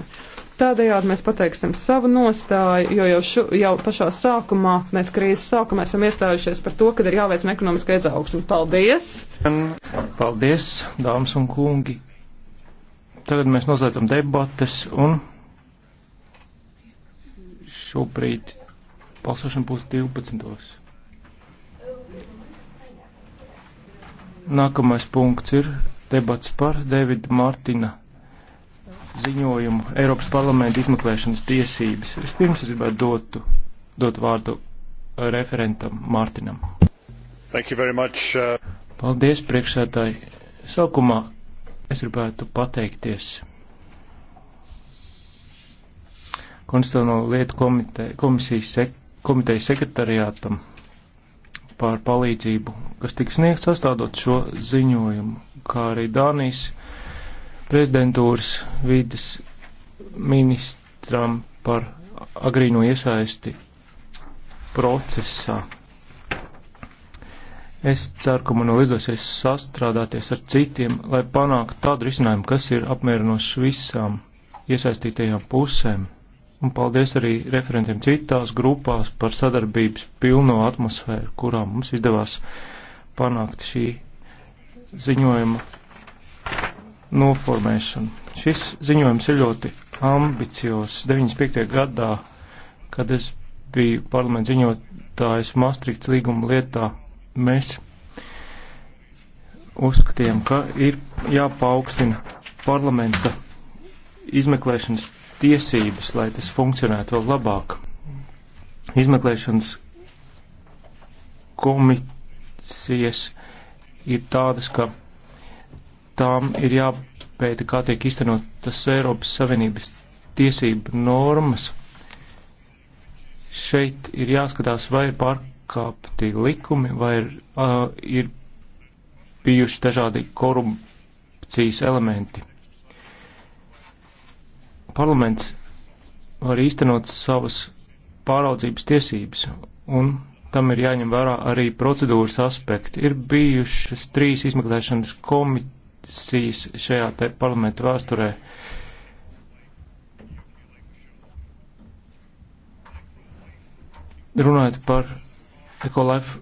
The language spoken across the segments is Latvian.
pakotni. Tādējādi mēs pateiksim savu nostāju, jo jau, šu, jau pašā sākumā, mēs krīzes sākumā esam iestājušies par to, ka ir jāveicina ekonomiska izaugsme. Paldies! Paldies, dāmas un kungi! Tagad mēs noslēdzam debates un šobrīd balsošana būs 12. Nākamais punkts ir debats par Davida Mārtiņa ziņojumu Eiropas parlamenta izmeklēšanas tiesības. Vispirms es gribētu dotu, dot vārdu referentam Mārtinam. Thank you very much. Uh... Paldies, priekšsētāji. Sākumā es gribētu pateikties Konstitucionālo lietu komite, komisijas sek, komitejas sekretariātam par palīdzību, kas tika sniegts sastādot šo ziņojumu, kā arī Dānijas prezidentūras vidas ministram par agrīno iesaisti procesā. Es ceru, ka man izdosies sastrādāties ar citiem, lai panāktu tādu risinājumu, kas ir apmierinošs visām iesaistītajām pusēm. Un paldies arī referentiem citās grupās par sadarbības pilno atmosfēru, kurā mums izdevās panākt šī ziņojuma noformēšanu. Šis ziņojums ir ļoti ambiciozs. 95. gadā, kad es biju parlamenta ziņotājs Maastrichts līguma lietā, mēs uzskatījām, ka ir jāpaukstina parlamenta izmeklēšanas tiesības, lai tas funkcionētu vēl labāk. Izmeklēšanas komisijas ir tādas, ka tām ir jāpēta, kā tiek iztenotas Eiropas Savienības tiesību normas. Šeit ir jāskatās, vai ir pārkāpti likumi, vai ir, uh, ir bijuši dažādi korupcijas elementi. Parlaments var īstenot savas pāraudzības tiesības, un tam ir jāņem vērā arī procedūras aspekti. Ir bijušas trīs izmeklēšanas komitejas diskusijas šajā te parlamentu vēsturē. Runājot par ekolife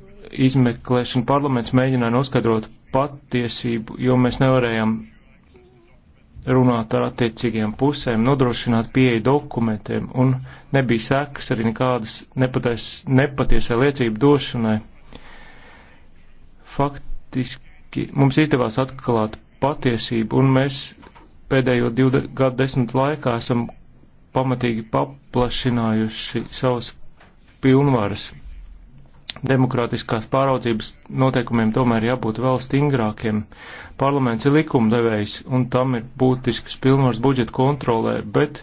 izmeklēšanu, parlaments mēģināja noskaidrot patiesību, jo mēs nevarējām runāt ar attiecīgajām pusēm, nodrošināt pieeju dokumentiem, un nebija sekas arī nekādas nepatais, nepatiesai liecību došanai. Faktiski mums izdevās atklāt patiesību, un mēs pēdējo divu gadu desmitu laikā esam pamatīgi paplašinājuši savas pilnvaras. Demokrātiskās pāraudzības noteikumiem tomēr jābūt vēl stingrākiem. Parlaments ir likumdevējs, un tam ir būtisks pilnvars budžeta kontrolē, bet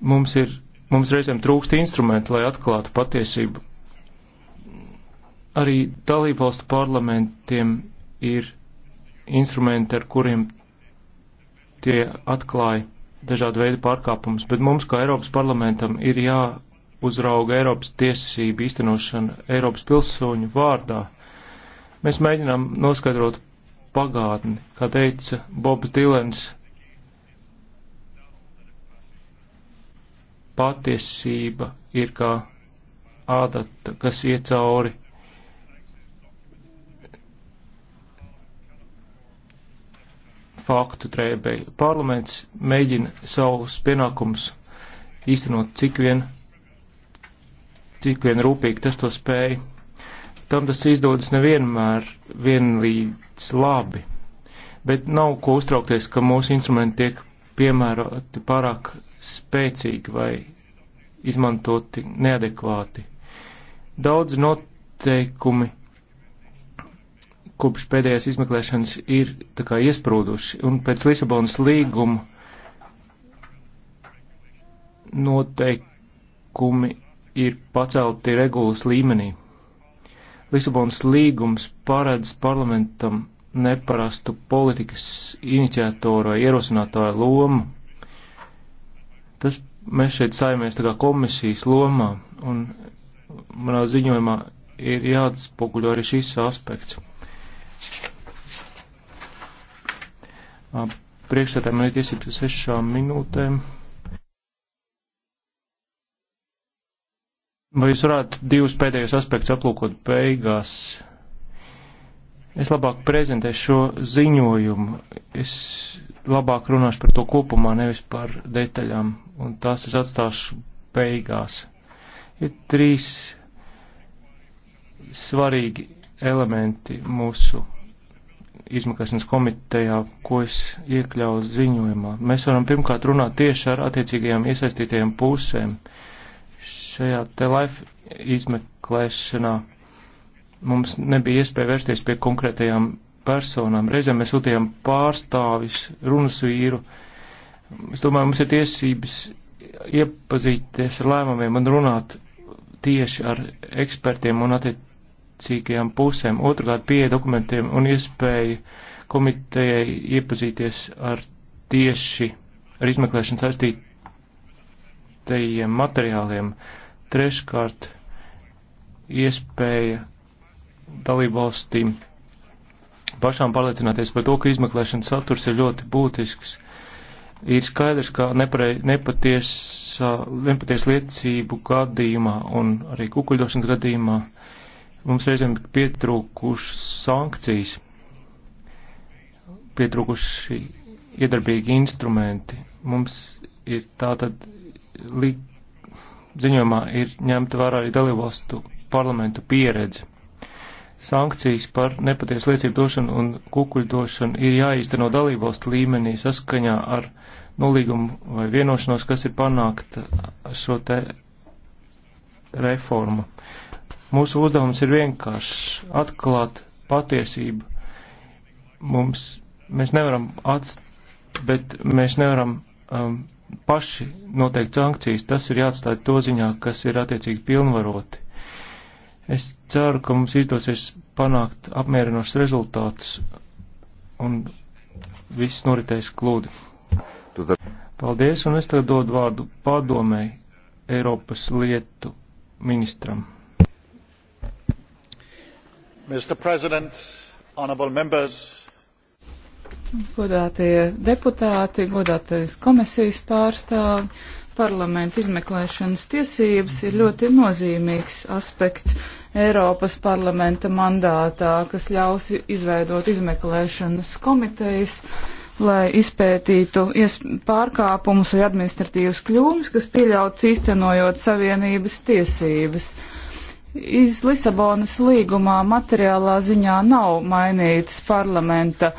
mums, ir, mums reizēm trūkst instrumenti, lai atklātu patiesību. Arī dalībvalstu parlamentiem ir instrumenti, ar kuriem tie atklāja dažādu veidu pārkāpumus, bet mums, kā Eiropas parlamentam, ir jāuzrauga Eiropas tiesību īstenošana Eiropas pilsoņu vārdā. Mēs mēģinām noskaidrot pagātni, kā teica Bobs Dilens. Patiesība ir kā ādata, kas iet cauri faktu trēbēji. Parlaments mēģina savus pienākumus īstenot cik vien, cik vien rūpīgi tas to spēja. Tam tas izdodas nevienmēr vienlīdz labi, bet nav ko uztraukties, ka mūsu instrumenti tiek piemēroti pārāk spēcīgi vai izmantoti neadekvāti. Daudz noteikumi kopš pēdējās izmeklēšanas ir tā kā iesprūduši. Un pēc Lisabonas līguma noteikumi ir pacelti regulas līmenī. Lisabonas līgums paredz parlamentam neparastu politikas iniciatoru vai ierosinātāju lomu. Tas mēs šeit saimies tā kā komisijas lomā, un manā ziņojumā ir jāatspoguļo arī šis aspekts. Priekšsētājiem ir tiesības sešām minūtēm. Vai jūs varētu divus pēdējos aspektus aplūkot beigās? Es labāk prezentēšu šo ziņojumu. Es labāk runāšu par to kopumā, nevis par detaļām, un tās es atstāšu beigās. Ir trīs svarīgi elementi mūsu izmeklēšanas komitejā, ko es iekļauju ziņojumā. Mēs varam pirmkārt runāt tieši ar attiecīgajām iesaistītajām pusēm. Šajā te life izmeklēšanā mums nebija iespēja vērsties pie konkrētajām personām. Reizēm mēs sūtījām pārstāvis, runas vīru. Es domāju, mums ir tiesības iepazīties ar lēmumiem un runāt tieši ar ekspertiem un attiecīgajiem attiecīgajām pusēm, otrkārt pieeja dokumentiem un iespēja komitejai iepazīties ar tieši ar izmeklēšanu saistītajiem materiāliem, treškārt iespēja dalībvalstīm pašām pārliecināties par to, ka izmeklēšanas saturs ir ļoti būtisks. Ir skaidrs, ka nepatiesa nepaties liecību gadījumā un arī kukuļdošanas gadījumā uh, Mums reizēm pietrūkušas sankcijas, pietrūkuši iedarbīgi instrumenti. Mums ir tātad ziņojumā ir ņemta vērā arī dalībvalstu parlamentu pieredze. Sankcijas par nepatiesu liecību došanu un kukuļu došanu ir jāīsteno dalībvalstu līmenī saskaņā ar nolīgumu vai vienošanos, kas ir panākta šo te reformu. Uh, Mūsu uzdevums ir vienkāršs - atklāt patiesību. Mums, mēs nevaram atstāt, bet mēs nevaram um, paši noteikt sankcijas. Tas ir jāatstāj to ziņā, kas ir attiecīgi pilnvaroti. Es ceru, ka mums izdosies panākt apmierinošs rezultātus un viss noritēs klūdi. Paldies, un es tagad dodu vārdu pārdomēji Eiropas lietu ministram. Mr. President, honorable members. Godātie deputāti, godātais komisijas pārstāvi, parlamenta izmeklēšanas tiesības ir ļoti nozīmīgs aspekts Eiropas parlamenta mandātā, kas ļaus izveidot izmeklēšanas komitejas, lai izpētītu pārkāpumus vai administratīvas kļūmes, kas pieļauts īstenojot savienības tiesības. Iz Lisabonas līgumā materiālā ziņā nav mainītas parlamenta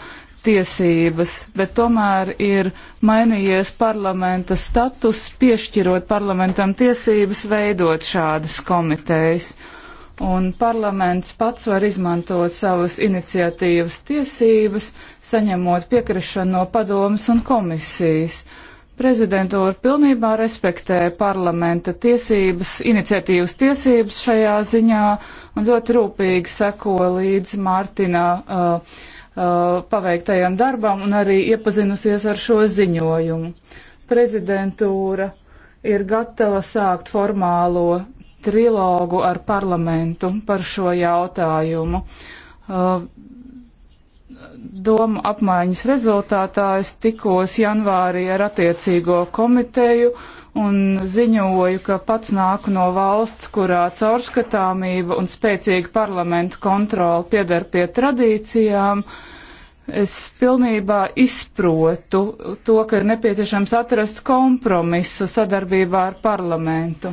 tiesības, bet tomēr ir mainījies parlamenta status, piešķirot parlamentam tiesības veidot šādas komitejas. Un parlaments pats var izmantot savas iniciatīvas tiesības, saņemot piekrišanu no padomas un komisijas. Uh, Prezidentūra pilnībā respektē parlamenta tiesības, iniciatīvas tiesības šajā ziņā un ļoti rūpīgi seko līdz Mārtina uh, uh, paveiktajam darbam un arī iepazinusies ar šo ziņojumu. Prezidentūra ir gatava sākt formālo trilogu ar parlamentu par šo jautājumu. Uh, domu apmaiņas rezultātā es tikos janvārī ar attiecīgo komiteju un ziņoju, ka pats nāku no valsts, kurā caurskatāmība un spēcīga parlamenta kontrola piedar pie tradīcijām. Es pilnībā izprotu to, ka ir nepieciešams atrast kompromisu sadarbībā ar parlamentu.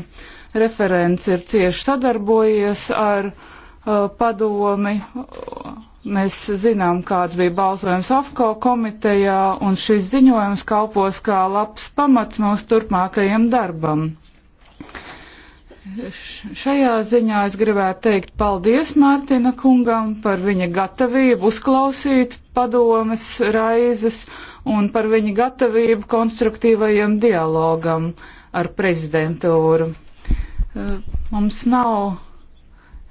Referents ir cieši sadarbojies ar uh, padomi Mēs zinām, kāds bija balsojums AFCO komitejā, un šis ziņojums kalpos kā labs pamats mūsu turpmākajiem darbam. Šajā ziņā es gribētu teikt paldies Mārtina kungam par viņa gatavību uzklausīt padomes raizes un par viņa gatavību konstruktīvajam dialogam ar prezidentūru. Mums nav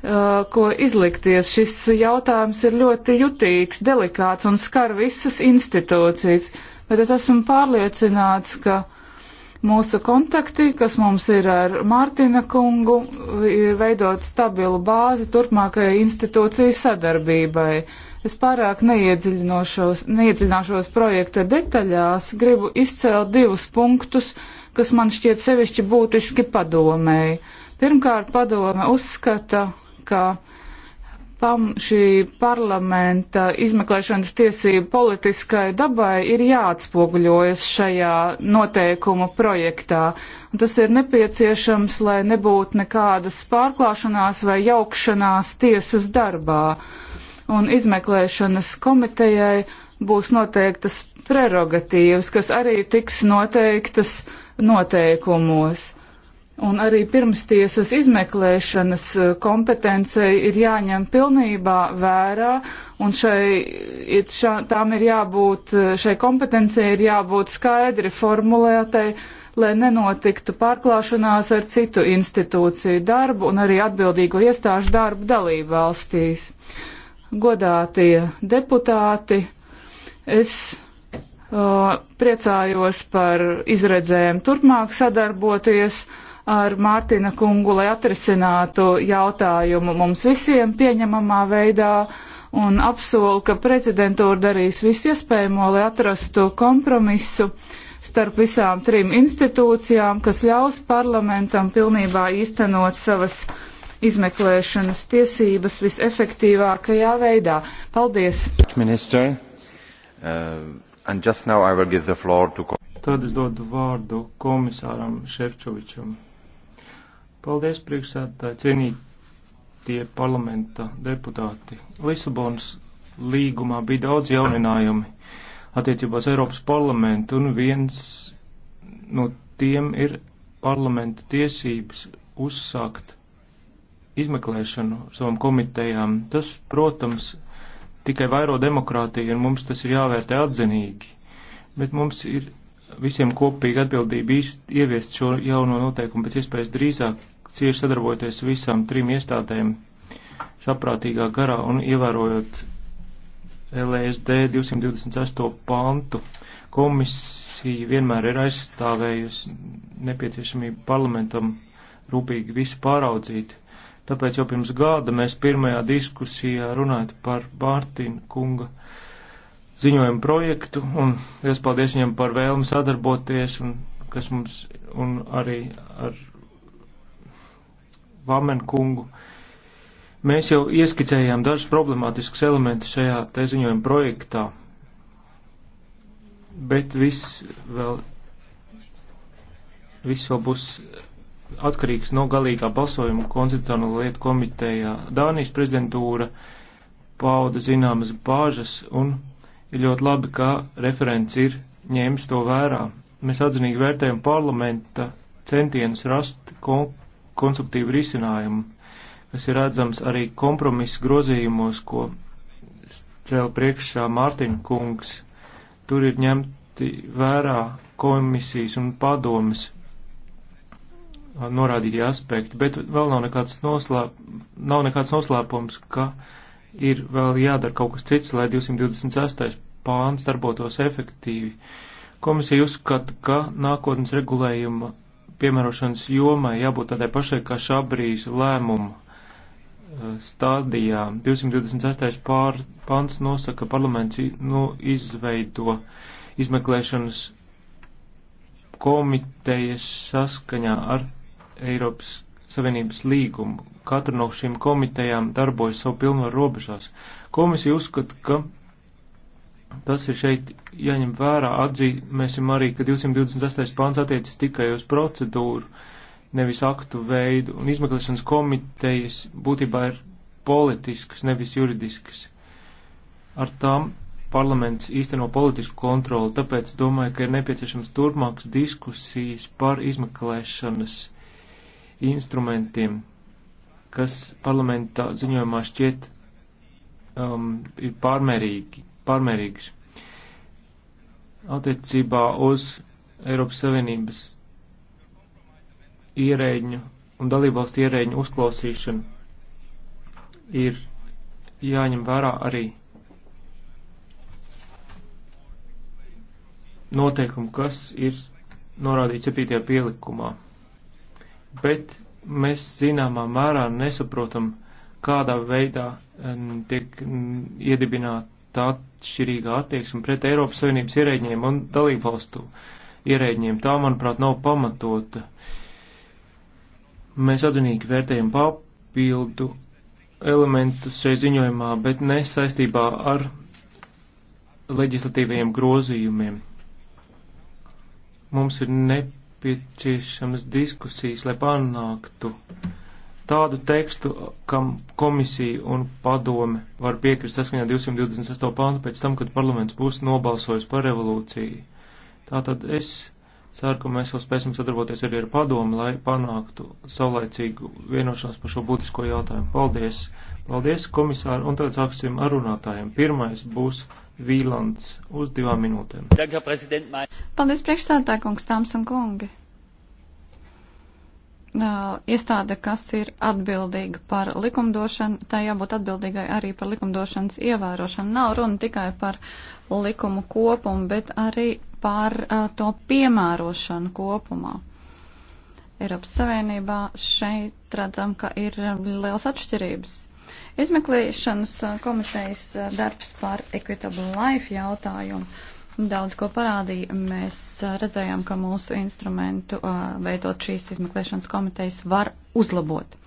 Uh, ko izlikties. Šis jautājums ir ļoti jutīgs, delikāts un skar visas institūcijas, bet es esmu pārliecināts, ka mūsu kontakti, kas mums ir ar Mārtiņa kungu, ir veidot stabilu bāzi turpmākajai institūciju sadarbībai. Es pārāk neiedziļināšos projekta detaļās, gribu izcelt divus punktus, kas man šķiet sevišķi būtiski padomēji. Pirmkārt, padome uzskata, ka pam, šī parlamenta izmeklēšanas tiesību politiskai dabai ir jāatspoguļojas šajā noteikuma projektā. Un tas ir nepieciešams, lai nebūtu nekādas pārklāšanās vai jaukšanās tiesas darbā. Un izmeklēšanas komitejai būs noteiktas prerogatīvas, kas arī tiks noteiktas noteikumos. Un arī pirmstiesas izmeklēšanas e, kompetencija ir jāņem pilnībā vērā, un šai, it, šā, tām ir jābūt, e, šai kompetencijai ir jābūt skaidri formulētai, lai nenotiktu pārklāšanās ar citu institūciju darbu un arī atbildīgo iestāžu darbu dalību valstīs. Godātie deputāti, es uh, priecājos par izredzēm turpmāk sadarboties ar Mārtiņa kungu, lai atrisinātu jautājumu mums visiem pieņemamā veidā un apsolu, ka prezidentūra darīs visu iespējamo, lai atrastu kompromisu starp visām trim institūcijām, kas ļaus parlamentam pilnībā īstenot savas izmeklēšanas tiesības visefektīvākajā veidā. Paldies! Minister, uh, to... Tad es dodu vārdu komisāram Šefčovičam. Paldies, priekšsēdētāji, cienītie parlamenta deputāti. Lisabonas līgumā bija daudz jauninājumi attiecībās Eiropas parlamentu, un viens no tiem ir parlamenta tiesības uzsākt izmeklēšanu savam komitejām. Tas, protams, tikai vairo demokrātiju, un mums tas ir jāvērtē atzinīgi, bet mums ir visiem kopīgi atbildība ieviest šo jauno noteikumu pēc iespējas drīzāk, cieši sadarbojoties visām trim iestādēm saprātīgā garā un ievērojot LSD e 228 pantu. Komisija vienmēr ir aizstāvējusi nepieciešamību parlamentam rūpīgi visu pāraudzīt. Tāpēc jau pirms gada mēs pirmajā diskusijā runājot par Bārtiņa kunga ziņojumu projektu, un liels paldies viņam par vēlmu sadarboties, un, kas mums, un arī ar Vamen kungu. Mēs jau ieskicējām dažus problemātiskus elementus šajā te ziņojuma projektā, bet viss vēl, viss vēl būs atkarīgs no galīgā balsojuma konstitucionālo lietu komitejā. Dānijas prezidentūra pauda zināmas bāžas un ir ļoti labi, ka referents ir ņēmis to vērā. Mēs atzinīgi vērtējam parlamenta centienus rast kon konstruktīvu risinājumu, kas ir redzams arī kompromisu grozījumos, ko cēl priekšā Mārtiņa kungs. Tur ir ņemti vērā komisijas un padomas norādītie aspekti, bet vēl nav nekāds, noslēp, nav nekāds noslēpums, ka ir vēl jādara kaut kas cits, lai 226. pāns darbotos efektīvi. Komisija uzskata, ka nākotnes regulējuma piemērošanas jomai jābūt tādai pašai kā šā brīža lēmumu eh, stādījā. 226. Pār, pants nosaka, ka parlaments nu, izveido izmeklēšanas komitejas saskaņā ar Eiropas Savienības līgumu. Katra no šīm komitejām darbojas savu pilnvaru robežās. Komisija uzskata, ka Tas ir šeit jāņem vērā, atzīmēsim arī, ka 228. pāns attiecas tikai uz procedūru, nevis aktu veidu, un izmeklēšanas komitejas būtībā ir politiskas, nevis juridiskas. Ar tām parlaments īsteno politisku kontroli, tāpēc domāju, ka ir nepieciešams turpmākas diskusijas par izmeklēšanas instrumentiem, kas parlamentā ziņojumā šķiet um, ir pārmērīgi pārmērīgas. Attiecībā uz Eiropas Savienības ierēģu un dalībvalstu ierēģu uzklausīšanu ir jāņem vērā arī noteikumu, kas ir norādīts 7. pielikumā. Bet mēs zināmā mērā nesaprotam, kādā veidā tiek iedibināta atšķirīgā attieksme pret Eiropas Savienības ierēģiem un dalībvalstu ierēģiem. Tā, manuprāt, nav pamatota. Mēs atzinīgi vērtējam papildu elementus šai ziņojumā, bet ne saistībā ar leģislatīvajiem grozījumiem. Mums ir nepieciešamas diskusijas, lai panāktu uh, tādu tekstu, kam komisija un padome var piekrist saskaņā 228. pāntu pēc tam, kad parlaments būs nobalsojis par revolūciju. Tātad es ceru, ka mēs vēl spēsim sadarboties arī ar padomu, lai panāktu saulaicīgu vienošanos par šo būtisko jautājumu. Paldies! Paldies, komisāri! Un tad sāksim ar runātājiem. Pirmais būs Vīlants uz divām minūtēm. Paldies, priekšstādā kungs, tāms un kungi! iestāde, kas ir atbildīga par likumdošanu, tā jābūt atbildīgai arī par likumdošanas ievērošanu. Nav runa tikai par likumu kopumu, bet arī par uh, to piemērošanu kopumā. Eiropas Savienībā šeit redzam, ka ir liels atšķirības. Izmeklēšanas komitejas darbs par Equitable Life jautājumu daudz ko parādīja. Mēs redzējām, ka mūsu instrumentu veidot šīs izmeklēšanas komitejas var uzlabot.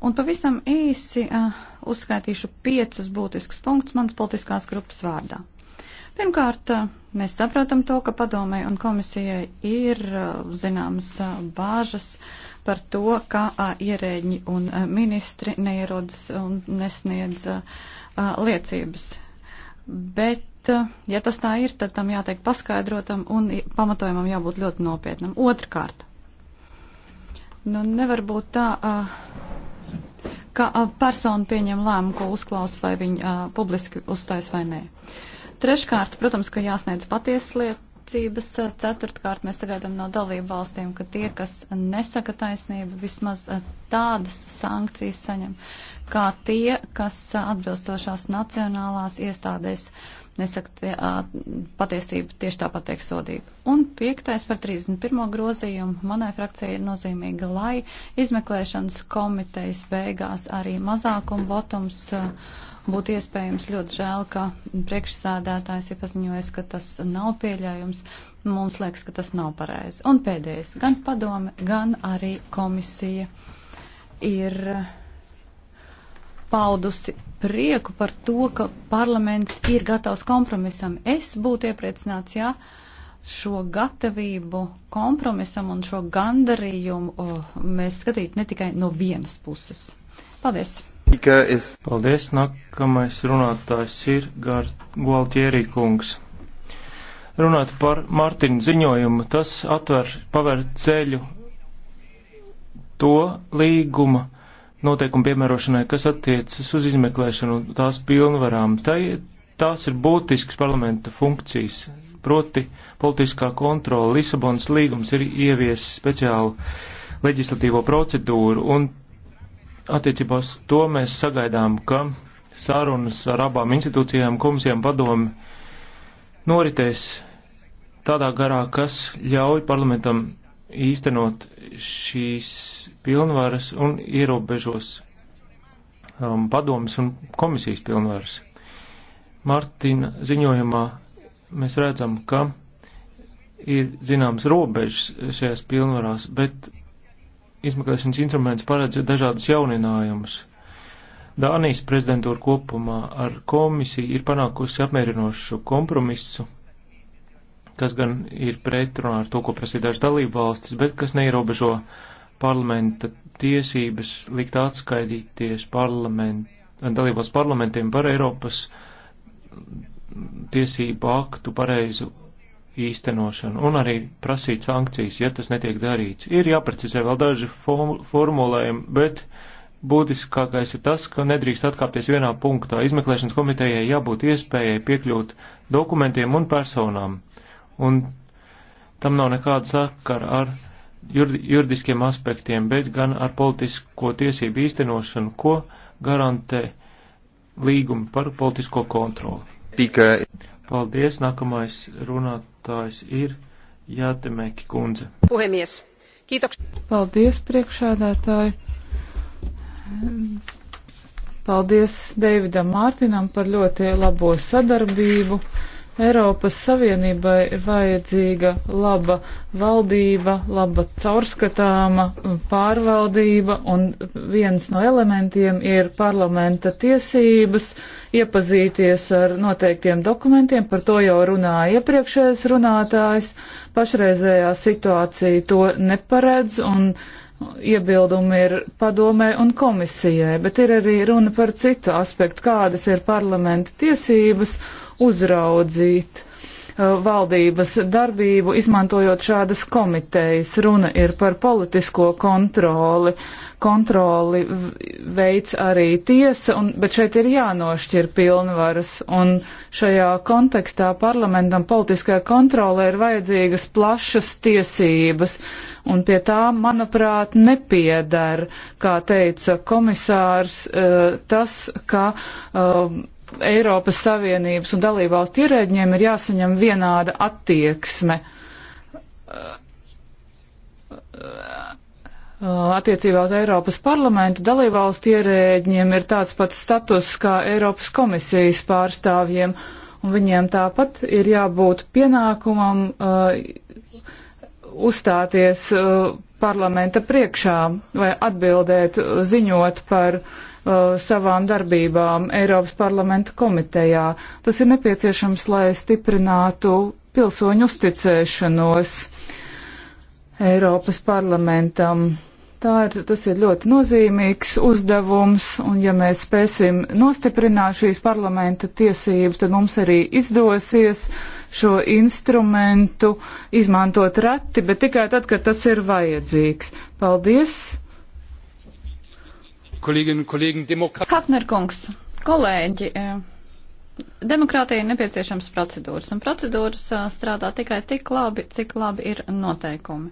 Un pavisam īsi uzskaitīšu piecus būtiskus punktus manas politiskās grupas vārdā. Pirmkārt, mēs saprotam to, ka padomē un komisijai ir zināmas bāžas par to, ka ierēģi un ministri neierodas un nesniedz liecības. Bet Eh, ja tas tā ir, tad tam jātiek paskaidrotam un pamatojumam jābūt ļoti nopietnam. Otrkārt, nu, nevar būt tā, eh, ka eh, persona pieņem lēmumu, ko uzklausa, vai viņa publiski uzstājas vai nē. Treškārt, protams, ka jāsniedz patiesas liecības. Ceturtkārt, mēs sagaidām no dalību valstīm, ka tie, kas nesaka taisnību, vismaz tādas sankcijas saņem, kā tie, kas atbilstošās nacionālās iestādēs uh, nesakt patiesību, tieši tāpat tiek sodīta. Un piektais par 31. grozījumu manai frakcijai ir nozīmīga, lai izmeklēšanas komitejas beigās arī mazākuma votums būtu iespējams. Ļoti žēl, ka priekšsādātājs ir paziņojis, ka tas nav pieļaujums. Mums liekas, ka tas nav pareizi. Un pēdējais, gan padome, gan arī komisija ir. Uh, paudusi prieku par to, ka parlaments ir gatavs kompromisam. Es būtu iepriecināts, ja šo gatavību kompromisam un šo gandarījumu oh, mēs skatītu ne tikai no vienas puses. Paldies! Paldies! Nākamais runātājs ir Gualtierī kungs. Runāt par Mārtiņu ziņojumu, tas atver, paver ceļu to līguma noteikumu piemērošanai, kas attiecas uz izmeklēšanu tās pilnvarām. Tai, tās ir būtisks parlamenta funkcijas, proti politiskā kontrola. Lisabonas līgums ir ieviesis speciālu leģislatīvo procedūru, un attiecībās to mēs sagaidām, ka sarunas ar abām institūcijām, komisijām padomi noritēs tādā garā, kas ļauj parlamentam īstenot šīs pilnvaras un ierobežos um, padomas un komisijas pilnvaras. Martina ziņojumā mēs redzam, ka ir zināmas robežas šajās pilnvarās, bet izmeklēšanas instruments paredz dažādus jauninājumus. Dānijas prezidentūra kopumā ar komisiju ir panākusi apmierinošu kompromisu kas gan ir pretrunā ar to, ko prasīja dažas dalību valstis, bet kas neierobežo parlamenta tiesības likt atskaidīties parlament, dalībās parlamentiem par Eiropas tiesību aktu pareizu īstenošanu un arī prasīt sankcijas, ja tas netiek darīts. Ir jāprecizē vēl daži formulējumi, bet būtiskākais ir tas, ka nedrīkst atkāpties vienā punktā. Izmeklēšanas komitejai jābūt iespējai piekļūt dokumentiem un personām un tam nav nekāda sakara ar juridiskiem aspektiem, bet gan ar politisko tiesību īstenošanu, ko garantē līgumi par politisko kontroli. Tikai. Paldies, nākamais runātājs ir Jātemēki kundze. Puhemies. Kītoks. Paldies, priekšādātāji. Paldies Deividam Mārtinam par ļoti labo sadarbību. Eiropas Savienībai ir vajadzīga laba valdība, laba caurskatāma pārvaldība, un viens no elementiem ir parlamenta tiesības iepazīties ar noteiktiem dokumentiem, par to jau runāja iepriekšējais runātājs. Pašreizējā situācija to neparedz, un iebildumi ir padomē un komisijai, bet ir arī runa par citu aspektu, kādas ir parlamenta tiesības uzraudzīt uh, valdības darbību, izmantojot šādas komitejas. Runa ir par politisko kontroli. Kontroli veids arī tiesa, un, bet šeit ir jānošķir pilnvaras. Un šajā kontekstā parlamentam politiskajā kontrolē ir vajadzīgas plašas tiesības, un pie tā, manuprāt, nepiedar, kā teica komisārs, uh, tas, ka um, Eiropas Savienības un dalībvalstu ierēģiem ir jāsaņem vienāda attieksme uh, uh, attiecībā uz Eiropas parlamentu dalībvalstu ierēģiem ir tāds pats status kā Eiropas komisijas pārstāvjiem, un viņiem tāpat ir jābūt pienākumam uh, uzstāties uh, parlamenta priekšā vai atbildēt, ziņot par uh, uh, savām darbībām Eiropas parlamenta komitejā. Tas ir nepieciešams, lai stiprinātu pilsoņu uzticēšanos Eiropas parlamentam. Tā ir, tas ir ļoti nozīmīgs uzdevums, un ja mēs spēsim nostiprināt šīs parlamenta tiesības, tad mums arī izdosies šo instrumentu izmantot rati, bet tikai tad, kad tas ir vajadzīgs. Paldies! Kolēģi, kolēģi, demokrā... Hafner kungs, kolēģi, eh, demokrātija ir nepieciešams procedūras, un procedūras eh, strādā tikai tik labi, cik labi ir noteikumi.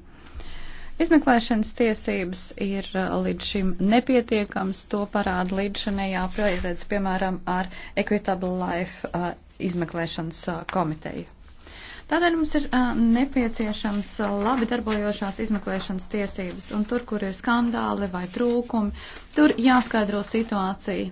Izmeklēšanas tiesības ir eh, līdz šim nepietiekams, to parāda līdzšanējā projektēts, piemēram, ar Equitable Life uh, izmeklēšanas uh, komiteju. Tādēļ mums ir uh, nepieciešams labi darbojošās izmeklēšanas tiesības, un tur, kur ir skandāli vai trūkumi, tur jāskaidro situācija.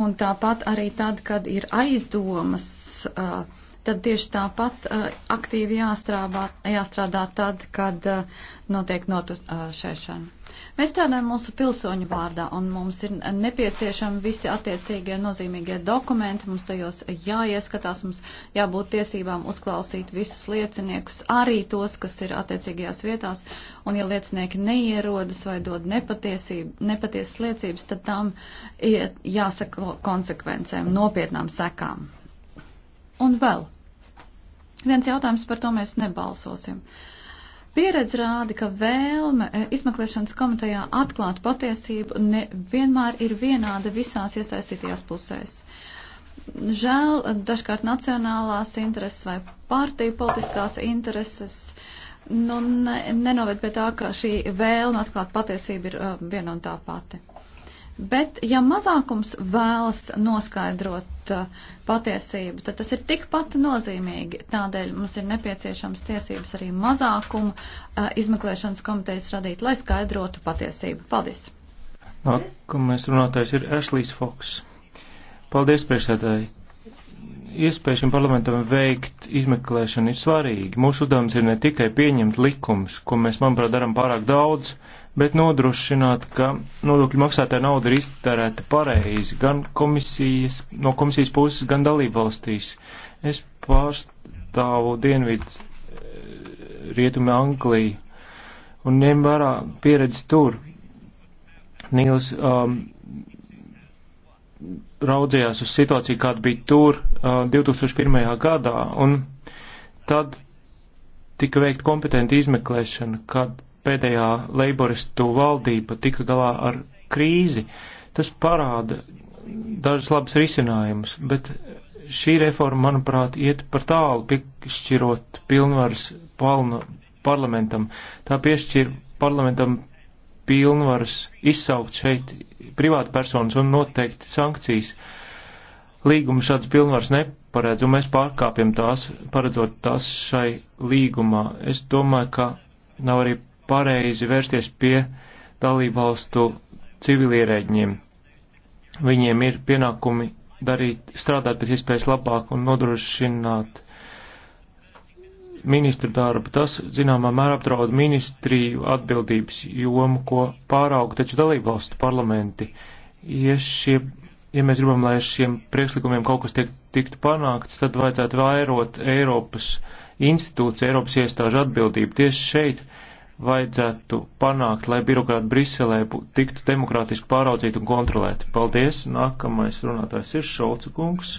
Un tāpat arī tad, kad ir aizdomas. Uh, tad tieši tāpat uh, aktīvi jāstrādā, jāstrādā tad, kad uh, notiek notušēšana. Uh, Mēs strādājam mūsu pilsoņu vārdā, un mums ir nepieciešami visi attiecīgie nozīmīgie dokumenti, mums tajos jāieskatās, mums jābūt tiesībām uzklausīt visus lieciniekus, arī tos, kas ir attiecīgajās vietās, un ja liecinieki neierodas vai dod nepatiesas liecības, tad tam jāsaka konsekvencēm, nopietnām sekām. Un vēl Viens jautājums par to mēs nebalsosim. Pieredze rāda, ka vēlme e, izmeklēšanas komitejā atklāt patiesību nevienmēr ir vienāda visās iesaistītajās pusēs. Žēl, dažkārt nacionālās intereses vai pārtīja politiskās intereses nu, ne, nenoved pie tā, ka šī vēlme atklāt patiesību ir uh, viena un tā pati. Bet, ja mazākums vēlas noskaidrot uh, patiesību, tad tas ir tikpat nozīmīgi. Tādēļ mums ir nepieciešams tiesības arī mazākumu uh, izmeklēšanas komitejas radīt, lai skaidrotu patiesību. Paldies! Nākamais runātājs ir Ešlijs Foks. Paldies, priekšsēdēji! Iespēja šim parlamentam veikt izmeklēšanu ir svarīgi. Mūsu uzdevums ir ne tikai pieņemt likumus, ko mēs, manuprāt, darām pārāk daudz bet nodrošināt, ka nodokļu maksātāja nauda ir iztērēta pareizi gan komisijas, no komisijas puses, gan dalībvalstīs. Es pārstāvu Dienvidu eh, Rietumu Angliju un ņem vērā pieredzi tur. Nīls um, raudzījās uz situāciju, kāda bija tur uh, 2001. gadā, un tad tika veikta kompetenta izmeklēšana, kad pēdējā leiboristu valdība tika galā ar krīzi, tas parāda dažus labus risinājumus, bet šī reforma, manuprāt, iet par tālu piešķirot pilnvaras palna, parlamentam. Tā piešķir parlamentam pilnvaras izsaukt šeit privātu personas un noteikti sankcijas. Līguma šāds pilnvars neparedz, un mēs pārkāpjam tās, paredzot tās šai līgumā. Es domāju, ka nav arī pareizi vērsties pie dalībvalstu civilierēģiem. Viņiem ir pienākumi darīt, strādāt pēc iespējas labāk un nodrošināt ministru darbu. Tas, zināmā mērā, apdraud ministriju atbildības jomu, ko pārauga taču dalībvalstu parlamenti. Ja, šie, ja mēs gribam, lai šiem priekšlikumiem kaut kas tiek, tiktu panākts, tad vajadzētu vairot Eiropas institūciju, Eiropas iestāžu atbildību. Tieši šeit vajadzētu panākt, lai birokrāti Briselē tiktu demokrātiski pāraudzīti un kontrolēti. Paldies! Nākamais runātājs ir Šolca kungs.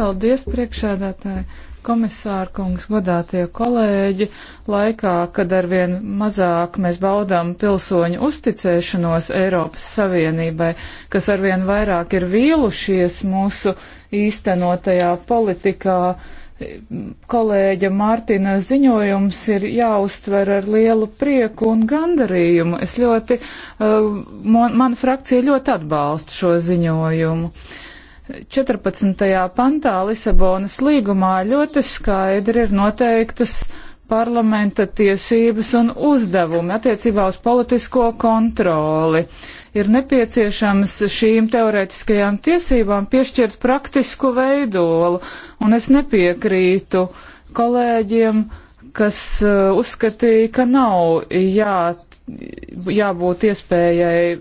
Paldies, priekšēdētāji! Komisāra kungs, godātie kolēģi, laikā, kad arvien mazāk mēs baudām pilsoņu uzticēšanos Eiropas Savienībai, kas arvien vairāk ir vīlušies mūsu īstenotajā politikā, uh, kolēģa Mārtiņa ziņojums ir jāuztver ar lielu prieku un gandarījumu. Es ļoti, uh, man, mana frakcija ļoti atbalsta šo ziņojumu. 14. pantā Lisabonas līgumā ļoti skaidri ir noteiktas uh, parlamenta tiesības un uzdevumi attiecībā uz politisko kontroli. Ir nepieciešams šīm teoretiskajām tiesībām piešķirt praktisku veidolu, un es nepiekrītu kolēģiem, kas uh, uzskatīja, ka nav jā, jābūt iespējai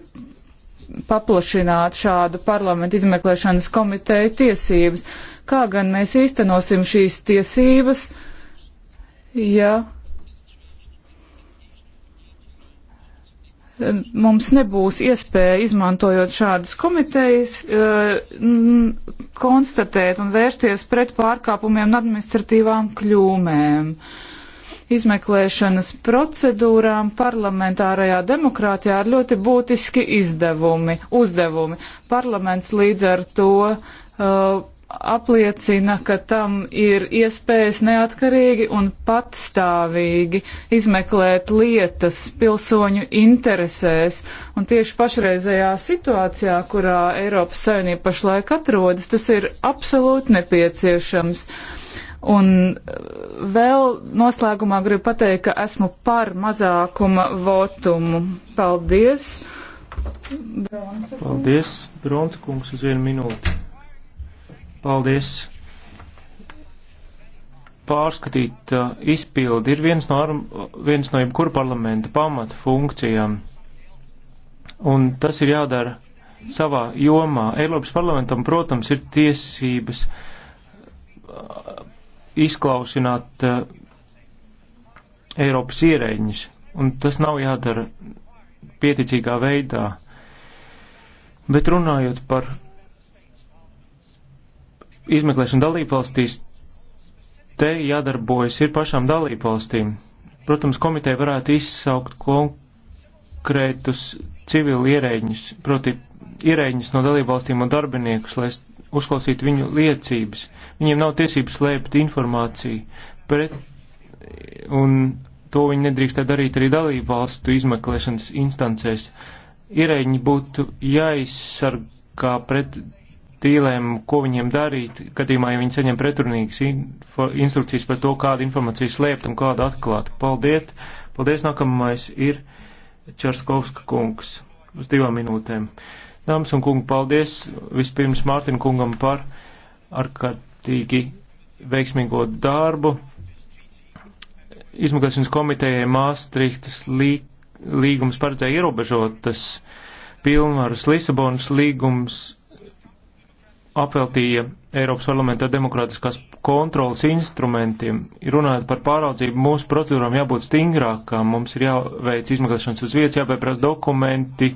paplašināt šādu parlamentu izmeklēšanas komiteju tiesības. Kā gan mēs īstenosim šīs tiesības? Uh, ja mums nebūs iespēja, izmantojot šādas komitejas, eh, konstatēt un vērsties pret pārkāpumiem un administratīvām kļūmēm. Izmeklēšanas procedūrām parlamentārajā demokrātijā ir ļoti būtiski izdevumi, uzdevumi. Parlaments līdz ar to uh, apliecina, ka tam ir iespējas neatkarīgi un patstāvīgi izmeklēt lietas pilsoņu interesēs. Un tieši pašreizējā situācijā, kurā Eiropas Savienība pašlaik atrodas, tas ir absolūti nepieciešams. Un vēl noslēgumā gribu pateikt, ka esmu par mazākuma votumu. Paldies! Bronsa Paldies, Bronsa kungs, uz vienu minūti. Paldies! Pārskatīt uh, izpildi ir viens no, viens no jebkura parlamenta pamata funkcijām. Un tas ir jādara savā jomā. Eiropas parlamentam, protams, ir tiesības uh, izklausināt uh, Eiropas ierēģiņus, un tas nav jādara pieticīgā veidā. Bet runājot par izmeklēšana dalībvalstīs, te jādarbojas ir pašām dalībvalstīm. Protams, komiteja varētu izsaukt konkrētus civili ierēģņus, proti ierēģņus no dalībvalstīm un darbiniekus, lai uzklausītu viņu liecības. Viņiem nav tiesības slēpt informāciju, pret, un to viņi nedrīkstē darīt arī dalībvalstu izmeklēšanas instancēs. Ierēģi būtu jāizsargā pret dīlēm, ko viņiem darīt, gadījumā, ja viņi saņem pretrunīgas info, instrukcijas par to, kādu informāciju slēpt un kādu atklāt. Paldies! Paldies! Nākamais ir Čarskovska kungs uz divām minūtēm. Dāmas un kungi, paldies vispirms Mārtiņu kungam par ārkārtīgi veiksmīgo darbu. Izmeklēšanas komitejai Māstrihtas lī, līgums paredzēja ierobežotas pilnvaras. Lisabonas līgums apveltīja Eiropas parlamenta demokrātiskās kontrolas instrumentiem. Runājot par pāraudzību, mūsu procedūrām jābūt stingrākām, mums ir jāveic izmeklēšanas uz vietas, jāpieprasa dokumenti,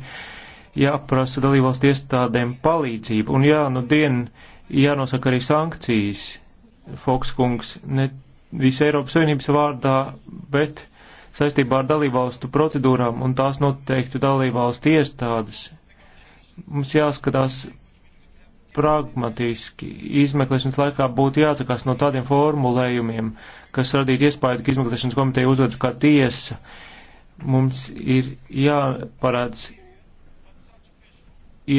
jāprasa dalībvalstu iestādēm palīdzību un jā, nu dien jānosaka arī sankcijas. Fokskungs ne visu Eiropas Savienības vārdā, bet saistībā ar dalībvalstu procedūrām un tās noteiktu dalībvalstu iestādes. Mums jāskatās pragmatiski izmeklēšanas laikā būtu jāatsakās no tādiem formulējumiem, kas radītu iespēju, ka izmeklēšanas komiteja uzvedas kā tiesa. Mums ir jāparāds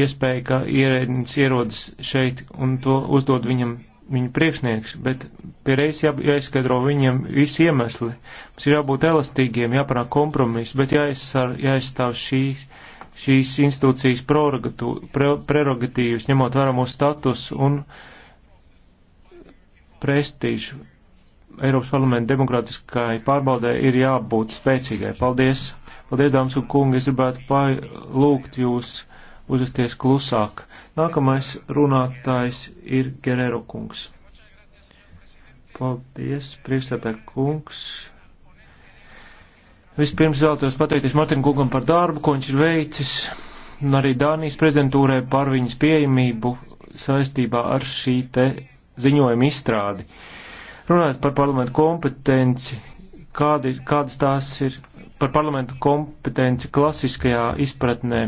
iespēja, ka ierēdnis ierodas šeit un to uzdod viņam viņa priekšnieks, bet pie reizes jā, jāizskaidro viņiem visi iemesli. Mums ir jābūt elastīgiem, jāpanāk kompromiss, bet jāizsar, jāizstāv šīs šīs institūcijas prerogatīvas, ņemot vērā mūsu status un prestīžu. Eiropas parlamenta demokrātiskai pārbaudē ir jābūt spēcīgai. Paldies! Paldies, dāmas un kungi! Es gribētu palūgt jūs uzvesties klusāk. Nākamais runātājs ir Gerero kungs. Paldies, priekšstādā kungs! Vispirms vēlētos pateikties Martinu Kungam par darbu, ko viņš ir veicis, un arī Dānijas prezidentūrē par viņas pieejamību saistībā ar šī te ziņojuma izstrādi. Runājot par parlamentu kompetenci, kādi, kādas tās ir par parlamentu kompetenci klasiskajā izpratnē,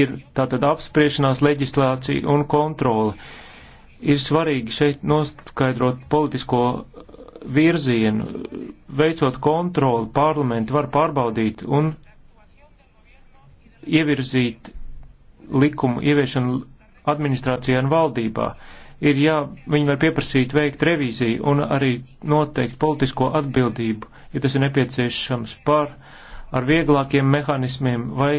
ir tātad apspriešanās, leģislācija un kontrole. Ir svarīgi šeit noskaidrot politisko virzienu, veicot kontroli, parlamenti var pārbaudīt un ievirzīt likumu ieviešanu administrācijā un valdībā. Ir jā, viņi var pieprasīt veikt revīziju un arī noteikt politisko atbildību, ja tas ir nepieciešams par ar vieglākiem mehānismiem vai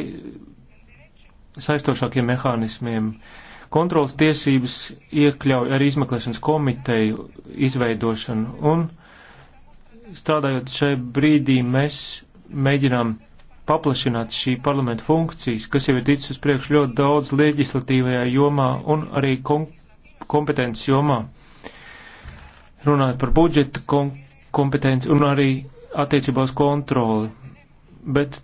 saistošākiem mehānismiem. Uh, Kontrolas tiesības iekļauj arī izmeklēšanas komiteju izveidošanu, un strādājot šai brīdī mēs mēģinām paplašināt šī parlamenta funkcijas, kas jau ir ticis uz priekšu ļoti daudz leģislatīvajā jomā un arī kom kompetences jomā. Runājot par budžeta kom kompetenci un arī attiecībā uz kontroli. Bet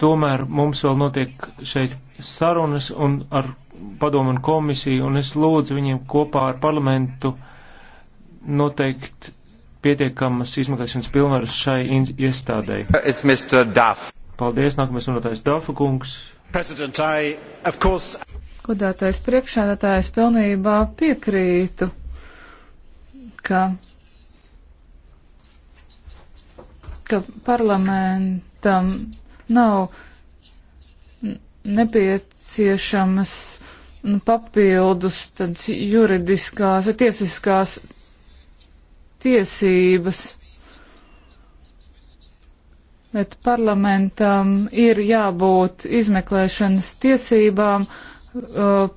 Tomēr mums vēl notiek šeit sarunas un ar padomu un komisiju, un es lūdzu viņiem kopā ar parlamentu noteikt pietiekamas izmeklēšanas pilnvaras šai iestādēji. Paldies, nākamais runātājs Dafa kungs. Course... Godātais priekšādātājs pilnībā piekrītu, ka, ka parlamentam nav nepieciešamas nu, papildus tāds juridiskās vai tiesiskās tiesības. Bet parlamentam ir jābūt izmeklēšanas tiesībām uh,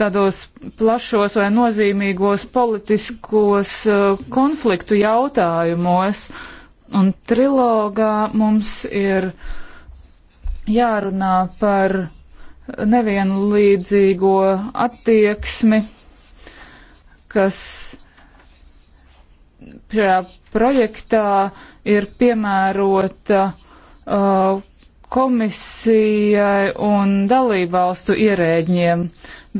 tādos plašos vai nozīmīgos politiskos uh, konfliktu jautājumos. Un trilogā mums ir uh, jārunā par nevienlīdzīgo attieksmi, kas šajā projektā ir piemērota uh, komisijai un dalībvalstu ierēģiem,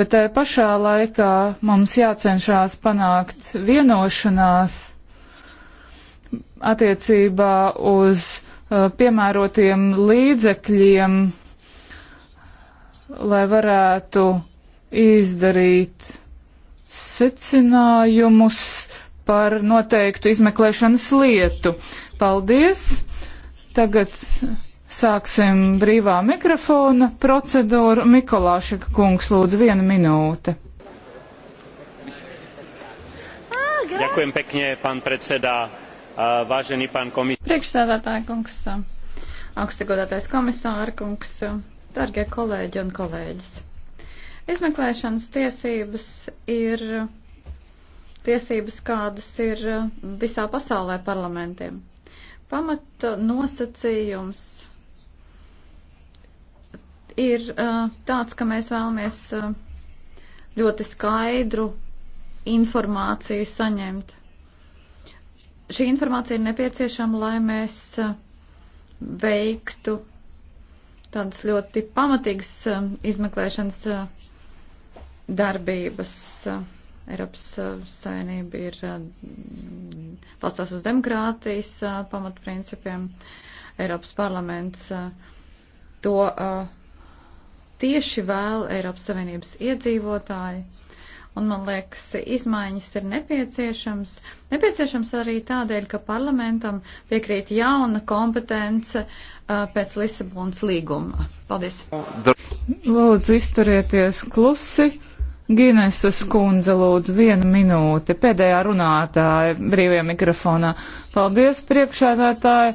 bet tai pašā laikā mums jācenšas panākt vienošanās attiecībā uz Uh, piemērotiem līdzekļiem, lai varētu izdarīt secinājumus par noteiktu izmeklēšanas lietu. Paldies! Tagad sāksim brīvā mikrofona procedūru. Mikolāšika kungs, lūdzu, viena minūte. Ďakujem pekne, pán predseda Uh, vážený pán komisār. Priekšsēdētāja kungs, uh, augstagodātais komisāra kungs, uh, dargie kolēģi un kolēģis. Izmeklēšanas tiesības ir tiesības, kādas ir visā pasaulē parlamentiem. Pamata nosacījums ir tāds, ka mēs vēlamies ļoti skaidru informāciju saņemt. Šī informācija ir nepieciešama, lai mēs veiktu tādas ļoti pamatīgas izmeklēšanas darbības. Eiropas Savienība ir balstās uz demokrātijas pamatprincipiem. Eiropas parlaments to tieši vēl Eiropas Savienības iedzīvotāji un man liekas, izmaiņas ir nepieciešams. Nepieciešams arī tādēļ, ka parlamentam piekrīt jauna kompetence uh, pēc Lisabonas līguma. Paldies! Lūdzu, izturieties klusi. Gineses kundze, lūdzu, viena minūte. Pēdējā runātāja brīvajā mikrofonā. Paldies, priekšādātāji!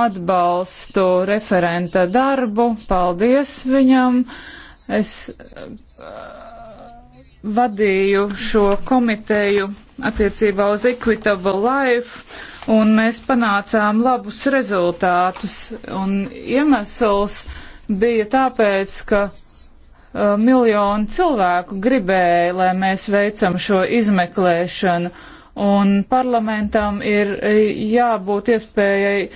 Atbalstu referenta darbu. Paldies viņam! Es vadīju šo komiteju attiecībā uz Equitable Life, un mēs panācām labus rezultātus. Un iemesls bija tāpēc, ka uh, miljonu cilvēku gribēja, lai mēs veicam šo izmeklēšanu. Uh, un parlamentam ir e, jābūt iespējai e,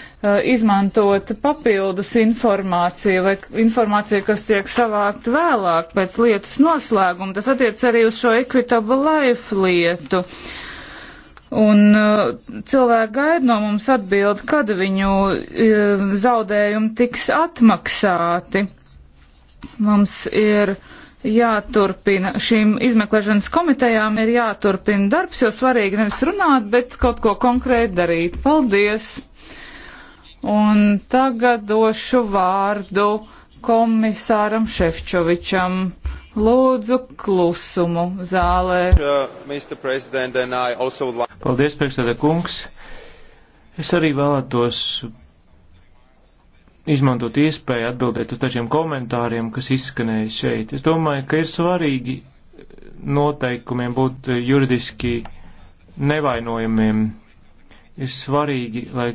izmantot papildus informāciju vai informāciju, kas tiek savākt vēlāk pēc lietas noslēguma. Tas attiec arī uz šo Equitable Life lietu. Un e, cilvēki gaida no mums atbildi, kad viņu zaudējumi tiks atmaksāti. Mums ir uh, jāturpina, šīm izmeklēšanas komitejām ir jāturpina darbs, jo svarīgi nevis runāt, bet kaut ko konkrēti darīt. Paldies! Un tagad došu vārdu komisāram Šefčovičam. Lūdzu klusumu zālē. Uh, Paldies, priekšsēdē kungs. Es arī vēlētos izmantot iespēju atbildēt uz dažiem komentāriem, kas izskanēja šeit. Es domāju, ka ir svarīgi noteikumiem būt juridiski nevainojamiem. Ir svarīgi, lai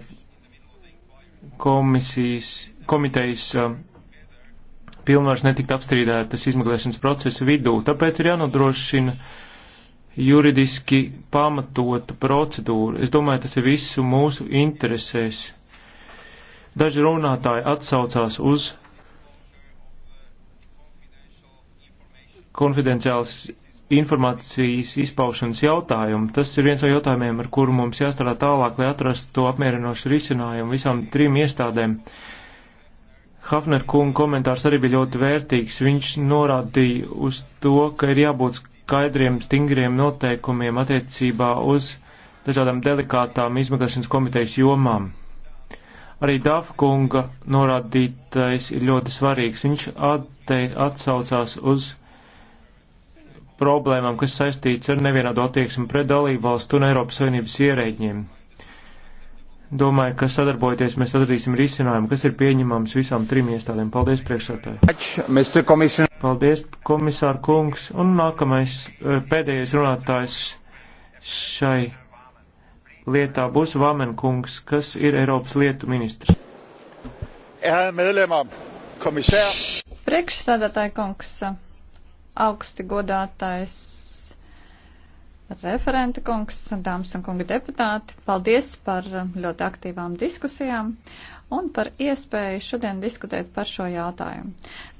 komisijas, komitejas um, pilnvars netikt apstrīdētas izmeklēšanas procesa vidū. Tāpēc ir jānodrošina juridiski pamatota procedūra. Es domāju, tas ir visu mūsu interesēs Daži runātāji atsaucās uz konfidenciālas informācijas izpaušanas jautājumu. Tas ir viens no jautājumiem, ar kuru mums jāstrādā tālāk, lai atrastu to apmierinošu risinājumu visām trim iestādēm. Hafner kunga komentārs arī bija ļoti vērtīgs. Viņš norādīja uz to, ka ir jābūt skaidriem, stingriem noteikumiem attiecībā uz dažādām delikātām izmeklēšanas komitejas jomām. Arī Dāfa kunga norādītais ir ļoti svarīgs. Viņš atte, atsaucās uz problēmām, kas saistīts ar nevienādu attieksmi pret dalību valstu un Eiropas Savienības ierēģiem. Domāju, ka sadarbojoties mēs atradīsim risinājumu, kas ir pieņemams visām trim iestādēm. Paldies, priekšsētāji! Paldies, komisār kungs! Un nākamais, eh, pēdējais runātājs šai lietā būs Vamenkungs, kas ir Eiropas lietu ministrs. Priekšsēdētāji kungs, augsti godātais referenta kungs, dāmas un kungi deputāti, paldies par ļoti aktīvām diskusijām un par iespēju šodien diskutēt par šo jautājumu.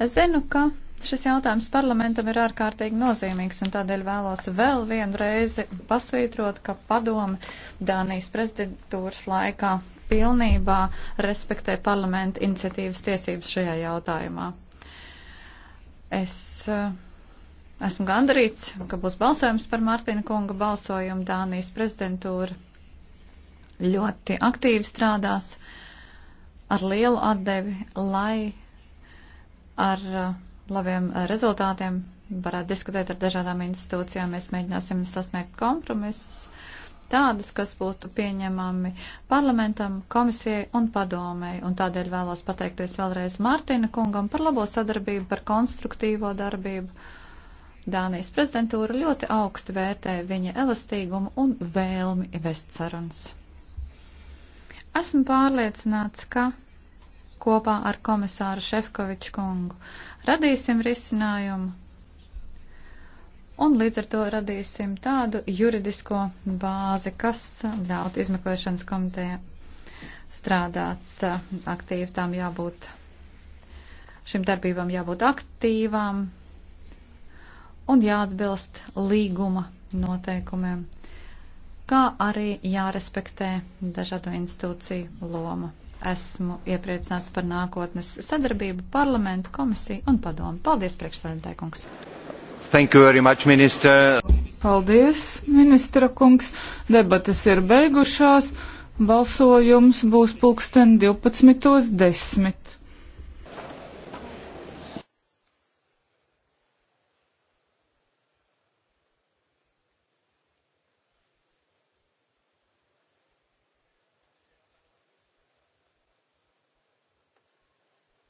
Es zinu, ka Šis jautājums parlamentam ir ārkārtīgi nozīmīgs, un tādēļ vēlos vēl vienu reizi pasvītrot, ka padome Dānijas prezidentūras laikā pilnībā respektē parlamenta iniciatīvas tiesības šajā jautājumā. Es uh, esmu gandarīts, ka būs balsojums par Mārtiņa kunga balsojumu. Dānijas prezidentūra ļoti aktīvi strādās ar lielu atdevi, lai ar uh, labiem eh, rezultātiem, varētu diskutēt ar dažādām institūcijām. Mēs mēģināsim sasniegt kompromisus, tādus, kas būtu pieņemami parlamentam, komisijai un padomēji. Un tādēļ vēlos pateikties vēlreiz Mārtiņa kungam par labo sadarbību, par konstruktīvo darbību. Dānijas prezidentūra ļoti augstu vērtē viņa elastīgumu un vēlmi vest sarunas. Esmu pārliecināts, ka kopā ar komisāru Šefkoviču kungu. Radīsim risinājumu un līdz ar to radīsim tādu juridisko bāzi, kas ļaut izmeklēšanas komitejai strādāt eh, aktīvi, tām jābūt, šim darbībām jābūt aktīvām un jāatbilst līguma noteikumiem, kā arī jārespektē dažādu institūciju loma. Esmu iepriecināts par nākotnes sadarbību parlamentu, komisiju un padomu. Paldies, priekšsēdētāji kungs! Thank you very much, minister! Paldies, ministra kungs! Debates ir beigušās. Balsojums būs pulksten 12.10.